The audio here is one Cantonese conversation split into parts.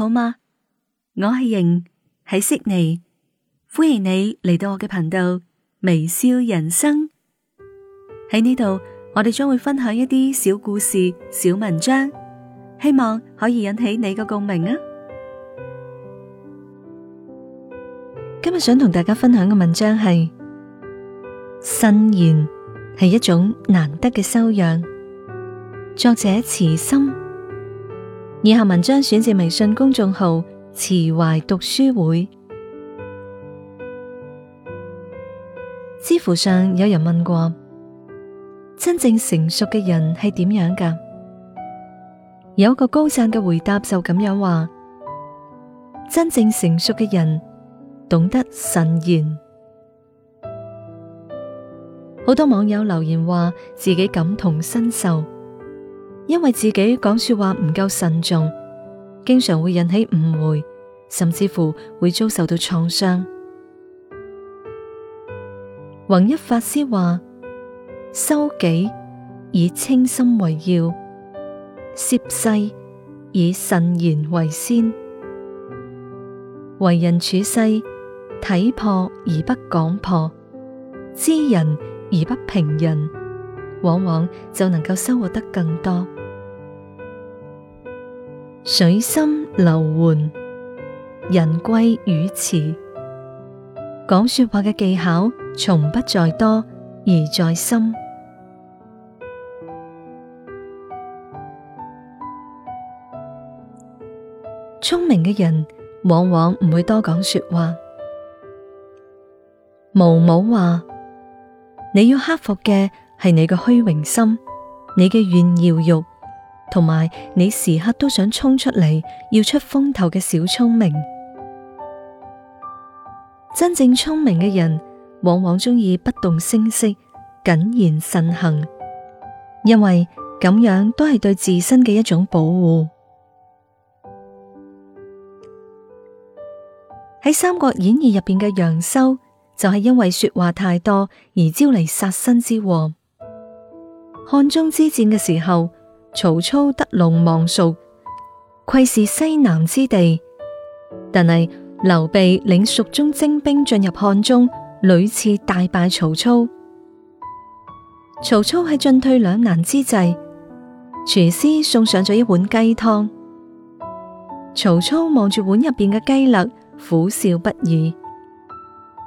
好嗎？我係瑩，喺悉尼，歡迎你嚟到我嘅頻道微笑人生。喺呢度，我哋將會分享一啲小故事、小文章，希望可以引起你嘅共鳴啊！今日想同大家分享嘅文章係：慎言係一種難得嘅修養。作者慈心。以下文章選自微信公眾號“慈懷讀書會”。知乎上有人問過：真正成熟嘅人係點樣噶？有個高贊嘅回答就咁樣話：真正成熟嘅人懂得慎言。好多網友留言話自己感同身受。因為自己講說話唔夠慎重，經常會引起誤會，甚至乎會遭受到創傷。弘一法師話：修己以清心為要，涉世以慎言為先。為人處世，睇破而不講破，知人而不評人，往往就能夠收穫得更多。水深流緩，人貴語遲。講說話嘅技巧，從不在多，而在深。聰明嘅人，往往唔會多講說話。毛毛話：你要克服嘅係你嘅虛榮心，你嘅炫耀欲。同埋，你時刻都想衝出嚟要出風頭嘅小聰明，真正聰明嘅人往往鍾意不動聲色、謹言慎行，因為咁樣都係對自身嘅一種保護。喺《三國演義》入邊嘅楊修，就係因為說話太多而招嚟殺身之禍。漢中之戰嘅時候。曹操得隴望蜀，窺視西南之地。但係劉備領蜀中精兵進入漢中，屢次大敗曹操。曹操喺進退兩難之際，廚師送上咗一碗雞湯。曹操望住碗入邊嘅雞肋，苦笑不已。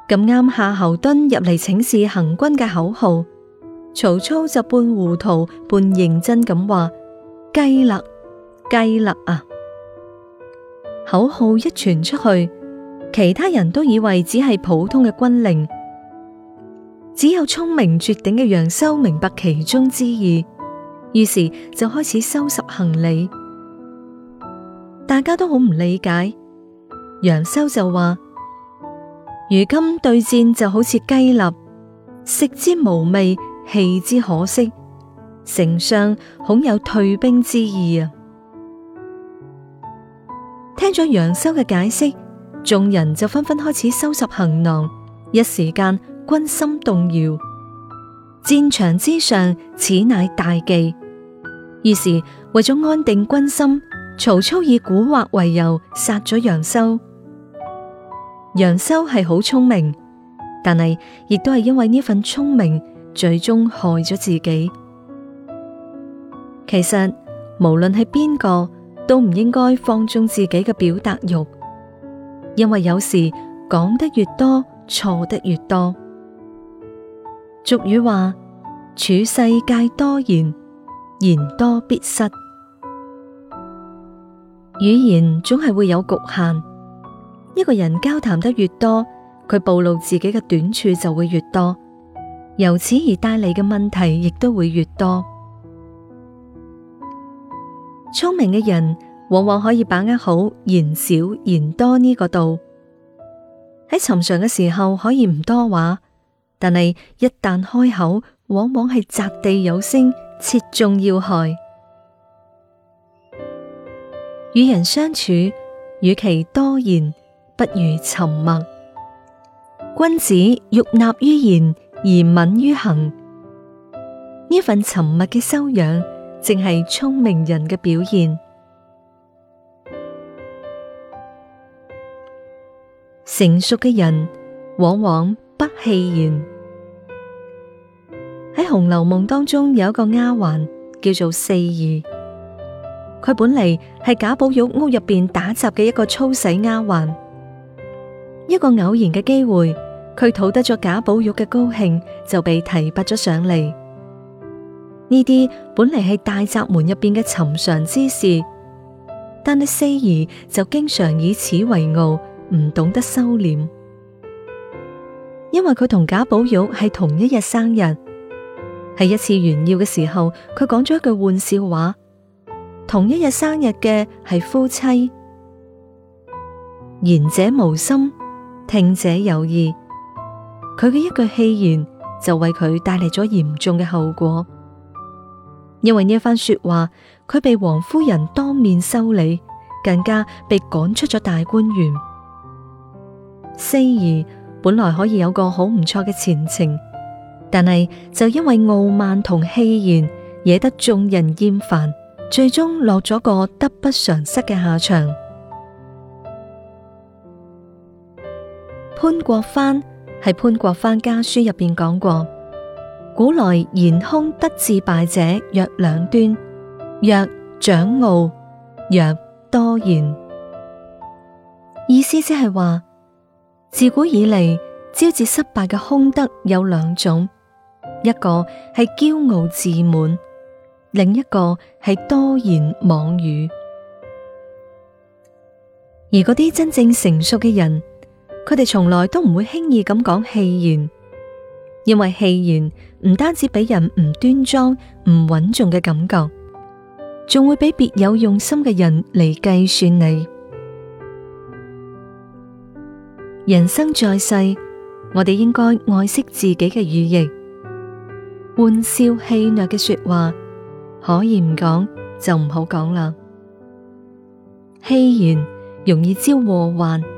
咁啱夏侯惇入嚟請示行軍嘅口號。曹操就半糊塗半認真咁話：雞肋，雞肋啊！口號一傳出去，其他人都以為只係普通嘅軍令，只有聰明絕頂嘅楊修明白其中之意，於是就開始收拾行李。大家都好唔理解，楊修就話：如今對戰就好似雞肋，食之無味。棄之可惜，丞相恐有退兵之意啊！聽咗楊修嘅解釋，眾人就紛紛開始收拾行囊，一時間軍心動搖。戰場之上，此乃大忌。於是為咗安定軍心，曹操以蠱惑為由殺咗楊修。楊修係好聰明，但係亦都係因為呢份聰明。最終害咗自己。其實無論係邊個，都唔應該放縱自己嘅表達欲，因為有時講得越多，錯得越多。俗語話：處世戒多言，言多必失。語言總係會有局限。一個人交談得越多，佢暴露自己嘅短處就會越多。由此而帶嚟嘅問題，亦都會越多。聰明嘅人往往可以把握好言少言多呢個度，喺尋常嘅時候可以唔多話，但係一旦開口，往往係擲地有聲，切中要害。與人相處，與其多言，不如沉默。君子欲訥於言，而敏於行。呢份沉默嘅修養，正係聰明人嘅表現。成熟嘅人往往不氣言。喺《紅樓夢》當中有一個丫鬟叫做四兒，佢本嚟係賈寶玉屋入邊打雜嘅一個粗使丫鬟，一個偶然嘅機會，佢討得咗賈寶玉嘅高興，就被提拔咗上嚟。呢啲本嚟係大宅門入邊嘅尋常之事，但係四兒就經常以此為傲，唔懂得收斂。因為佢同賈寶玉係同一日生日，喺一次炫耀嘅時候，佢講咗一句玩笑話：同一日生日嘅係夫妻。言者無心，聽者有意。佢嘅一句戲言就為佢帶嚟咗嚴重嘅後果，因為呢一番說話，佢被王夫人當面修理，更加被趕出咗大觀園。四兒本來可以有個好唔錯嘅前程，但係就因為傲慢同戲言，惹得眾人厭煩，最終落咗個得不償失嘅下場。潘國藩。係潘國藩家書入邊講過，古來言凶德致敗者，若兩端，若長傲，若多言。意思即係話，自古以嚟，招致失敗嘅凶德有兩種，一個係驕傲自滿，另一個係多言妄語。而嗰啲真正成熟嘅人。佢哋從來都唔會輕易咁講戲言，因為戲言唔單止俾人唔端莊、唔穩重嘅感覺，仲會俾別有用心嘅人嚟計算你。人生在世，我哋應該愛惜自己嘅語翼，玩笑戲謔嘅說話可以唔講就唔好講啦，戲言容易招禍患。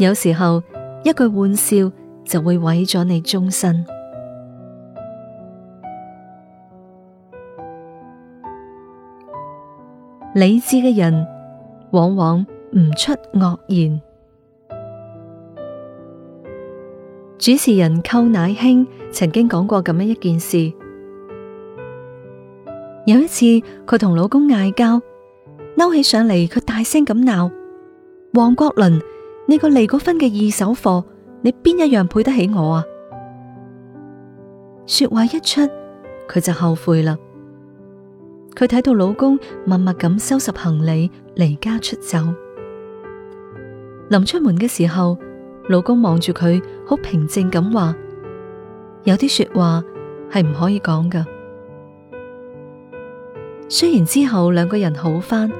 有時候一句玩笑就會毀咗你終身。理智嘅人往往唔出惡言。主持人寇乃馨曾經講過咁樣一件事：有一次佢同老公嗌交，嬲起上嚟佢大聲咁鬧黃國倫。你個離過婚嘅二手貨，你邊一樣配得起我啊？說話一出，佢就後悔啦。佢睇到老公默默咁收拾行李離家出走，臨出門嘅時候，老公望住佢，好平靜咁話：有啲說話係唔可以講㗎。雖然之後兩個人好返，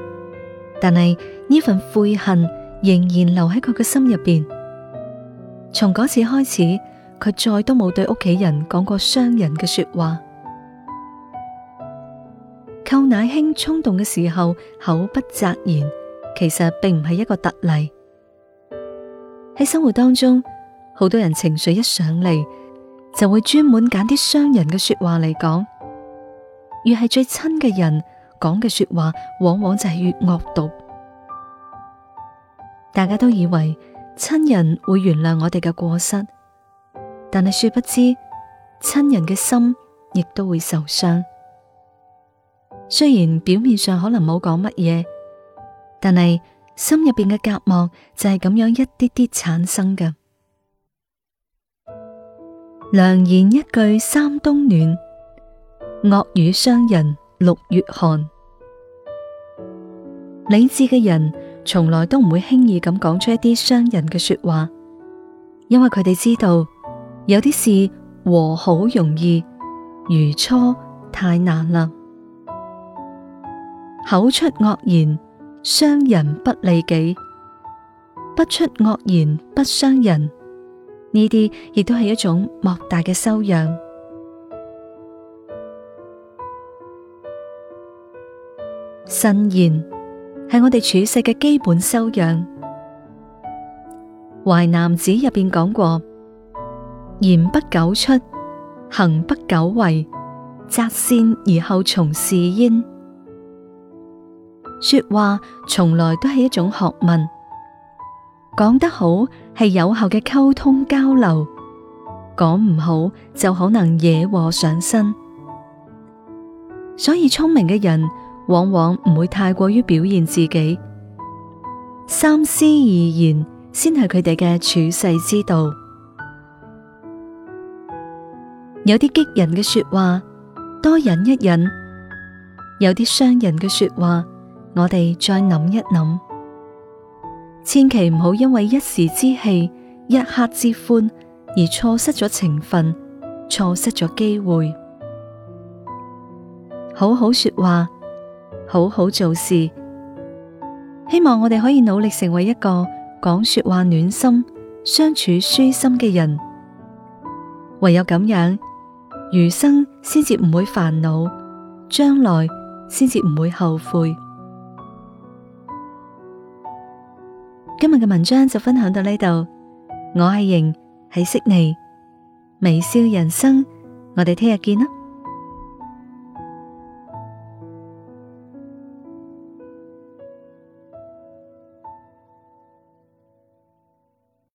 但係呢份悔恨。仍然留喺佢嘅心入邊。從嗰次開始，佢再都冇對屋企人講過傷人嘅說話。寇乃馨衝動嘅時候口不擇言，其實並唔係一個特例。喺生活當中，好多人情緒一上嚟，就會專門揀啲傷人嘅說話嚟講。越係最親嘅人，講嘅說話往往就係越惡毒。大家都以為親人會原諒我哋嘅過失，但係殊不知親人嘅心亦都會受傷。雖然表面上可能冇講乜嘢，但係心入邊嘅隔膜就係咁樣一啲啲產生嘅。良言一句三冬暖，惡語傷人六月寒。理智嘅人，從來都唔會輕易咁講出一啲傷人嘅說話，因為佢哋知道有啲事和好容易，如初太難啦。口出惡言，傷人不利己，不出惡言，不傷人，呢啲亦都係一種莫大嘅修養。慎言，係我哋處世嘅基本修養。淮南子入邊講過：言不苟出，行不苟為，擇善而後從事焉。說話從來都係一種學問，講得好係有效嘅溝通交流，講唔好就可能惹禍上身。所以聰明嘅人，往往唔會太過於表現自己，三思而言先係佢哋嘅處世之道。有啲激人嘅說話，多忍一忍；有啲傷人嘅說話，我哋再諗一諗。千祈唔好因為一時之氣，一刻之歡而錯失咗情分，錯失咗機會。好好說話。好好做事，希望我哋可以努力成為一個講說話暖心、相處舒心嘅人。唯有咁樣，餘生先至唔會煩惱，將來先至唔會後悔。今日嘅文章就分享到呢度，我係瑩，喺悉尼微笑人生，我哋聽日見啦。